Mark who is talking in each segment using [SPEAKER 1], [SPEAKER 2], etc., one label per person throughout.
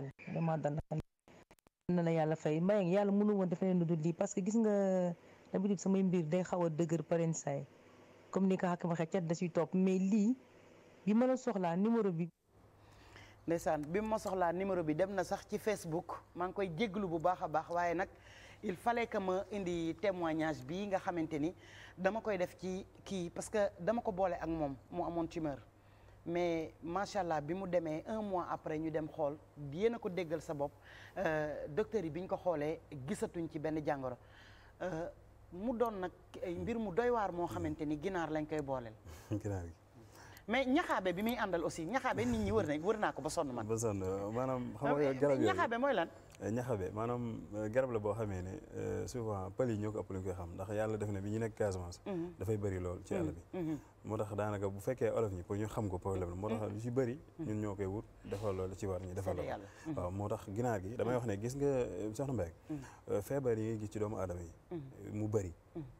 [SPEAKER 1] dantan dama dantan na la yàlla fay mbayang yàlla mënu woon dafa leen lu dul lii parce que gis nga d'habitude samay mbir day xaw a dëgër paren saay comme ni ko xakk waxee cat da siy topp mais lii bi ma la soxlaa numéro bi ndeysaan bi ma soxlaa numéro bi dem na sax ci Facebook maa ngi koy jéglu bu baax a baax waaye nag il fallait que ma indi témoignage bi nga xamante ni dama koy def ci kii parce que dama ko boole ak moom mu amoon tumeur mais macha allah bi mu demee un mois après ñu dem xool yéen a ko déggal sa bopp euh, docteur yi bi ñu ko xoolee gisatuñ ci benn jàngoro euh, mu doon nag mbir mu doy waar moo xamante ni ginaar lañ koy booleel.
[SPEAKER 2] ginaar gi
[SPEAKER 1] mais ñaxaabe bi muy àndal aussi ñaxaabe nit ñi wër nañ wër naa ko ba sonn man.
[SPEAKER 2] ba sonn maanaam xam nga garab yooyu ñaxaabe mooy lan. Eh, ñaxaabe maanaam eh, garab la boo xamee ne eh, souvent pël yi ñoo ko ëpp lañ koy xam ndax yàlla def na bi ñu nekk Casamance. Mhm. dafay bëri lool ci àll bi. Mhm, mhm. moo tax daanaka bu fekkee olof ñi pour ñu xam ko problème la moo tax lu ci bëri. ñun ñoo koy wut defal loolu ci war ñu defal loolu. waaw moo tax ginaar gi damay wax ne gis nga soxna Mbaye. feebar yi ngay gis ci doomu aadama yi. mu bëri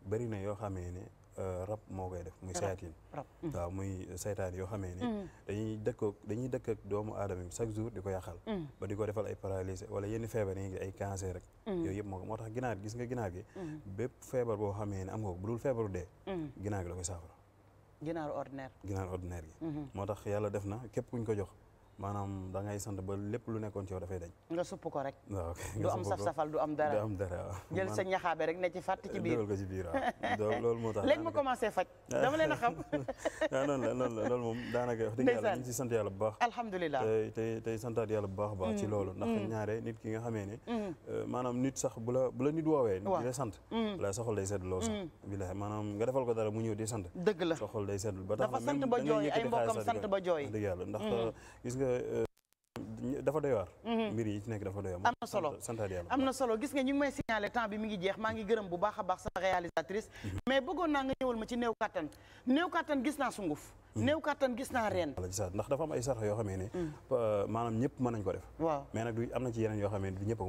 [SPEAKER 2] bëri na yoo xamee ne Euh, rab moo koy def muy sayaatiin mm. waaw muy saytaan yoo xamee ni mm. dañuy dëkk dañuy dëkk doomu aadama yi chaque jour di ko yàqal mm. ba di ko defal ay paralysé wala yenn feebar yi ngi ay cancer rek yooyu yëpp moo ko moo tax ginaar gis nga ginaar gi bépp feebar boo xamee ne am nga ko bu dul feebaru dee ginaar gi la koy saafara
[SPEAKER 1] ginaaru ordinaire
[SPEAKER 2] ginaaru ordinaire gi mm-hmm. moo tax yàlla def na képp kuñ ko jox maanaam da ngay sant ba lépp lu nekkoon ci yow dafay dañ.
[SPEAKER 1] nga supp ko rek. waaw du am saf safal du am dara du am dara jël sa ñaxaabe rek ne ci fàtt ci biir.
[SPEAKER 2] loolu moo tax. léegi ma
[SPEAKER 1] commencé faj. a xam.
[SPEAKER 2] waaw ah, noonu la noonu la loolu moom daanaka wax sant yàlla bu baax. alhamdulilah tey tey tey santaat yàlla bu baax a baax. ci mm. loolu ndax mm. ñaare nit ki nga xamee ne. Mm. Euh, maanaam nit sax bu la bu la nit woowee. waaw di sant. walaay sa xol day sedd loo sax. bilaay maanaam nga defal ko dara mu ñëw di sant. dëgg la sa xol day sedd ba tax na sant ba jooy ay mbokkam sant ba jooy. dëgg ndax euh, gis Euh, dafa doy waar. Mhm. mbir yi ci nekk dafa doy waar. am na solo santaat yàlla
[SPEAKER 1] am na solo gis nga ñu ngi may signaler temps bi mi ngi jeex maa ngi gërëm bu baax a baax sama réalisatrice. Mhm. mais bëggoon naa nga ñëwal ma ci néew kattan néew kattan gis naa sunguf néew kattan gis naa ren
[SPEAKER 2] ndax dafa am ay sarax yoo xamee ne mm. maanaam ñëpp mën nañ ko def waaw mais du am na ci yeneen yoo xamee ne du ñëpp ko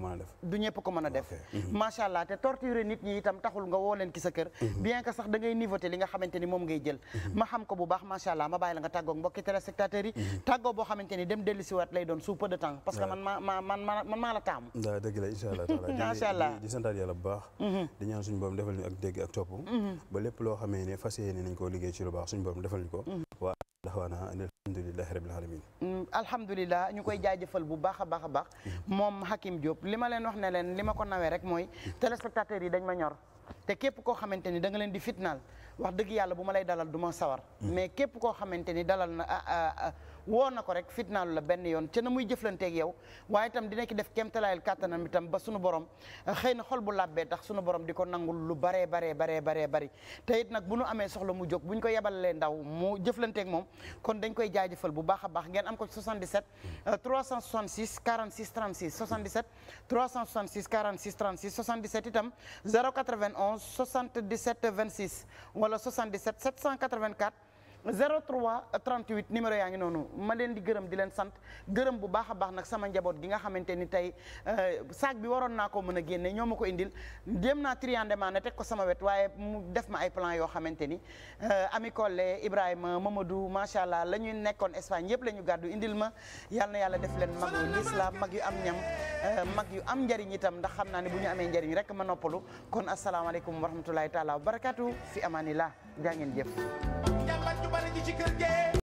[SPEAKER 1] mën a def du mm-hmm. allah te torturer nit ñi itam taxul nga woo leen ki sa kër mm-hmm. bien que sax da ngay niveauté li nga xamante ni moom ngay jël mm-hmm. ma xam ko bu baax macha allah ma bàyyi la nga tàggoog mbokki téléspectateurs yi tàggoo boo xamante ni dem dellu siwaat lay doon sous peu de temps parce que man maa
[SPEAKER 2] ma da'waana anil alhamdulillahi rabbil alamin
[SPEAKER 1] mm, alhamdulilah ñu koy jaajëfal bu baax a baax a baax mm-hmm. moom Hakim Diop li ma leen wax ne leen li ma ko nawee rek mooy mm-hmm. téléspectateurs yi dañ ma ñor te képp koo xamante ni da nga leen di fitnaal wax dëgg yàlla bu ma lay dalal du ma sawar mm-hmm. mais képp koo xamante ni dalal na ah, ah, ah, woo na ko rek fitnaalu la benn yoon ca na muy jëflanteeg yow waaye itam dina ci def kéemtalaayal kàttanam itam ba sunu borom eh, xëy na xol bu làbbee tax sunu borom di ko nangu lu baree baree baree baree bari te it nag bu nu amee soxla mu jóg bu ñu ko yebalee ndaw mu jëflanteeg moom kon dañ koy jaajëfal bu baax a baax ngeen am ko 77 366 46 36 77 366 46 36 77 itam 091 77 26 wala 77 784 03 38 numéro yaa ngi noonu ma leen di gërëm di leen sant gërëm bu baax a baax nag sama njaboot gi nga xamante ni tey euh, saag bi waroon naa ko mën a génne ñoo ma ko indil jéem naa triandement ne teg ko sama wet waaye mu def ma ay plan yoo xamante ni euh, Ami Collé Ibrahima Mamadou macha allah la ñuy nekkoon Espagne yëpp la ñu gàddu indil ma yal na yàlla def leen mag yu lislaam mag yu am ñam euh, mag yu am njariñ yitam ndax xam naa ne bu ñu amee njariñ rek ma noppalu kon asalaamaaleykum wa rahmatulahi taala wa barakaatu fi amaanillah jaa ngeen ci kër gee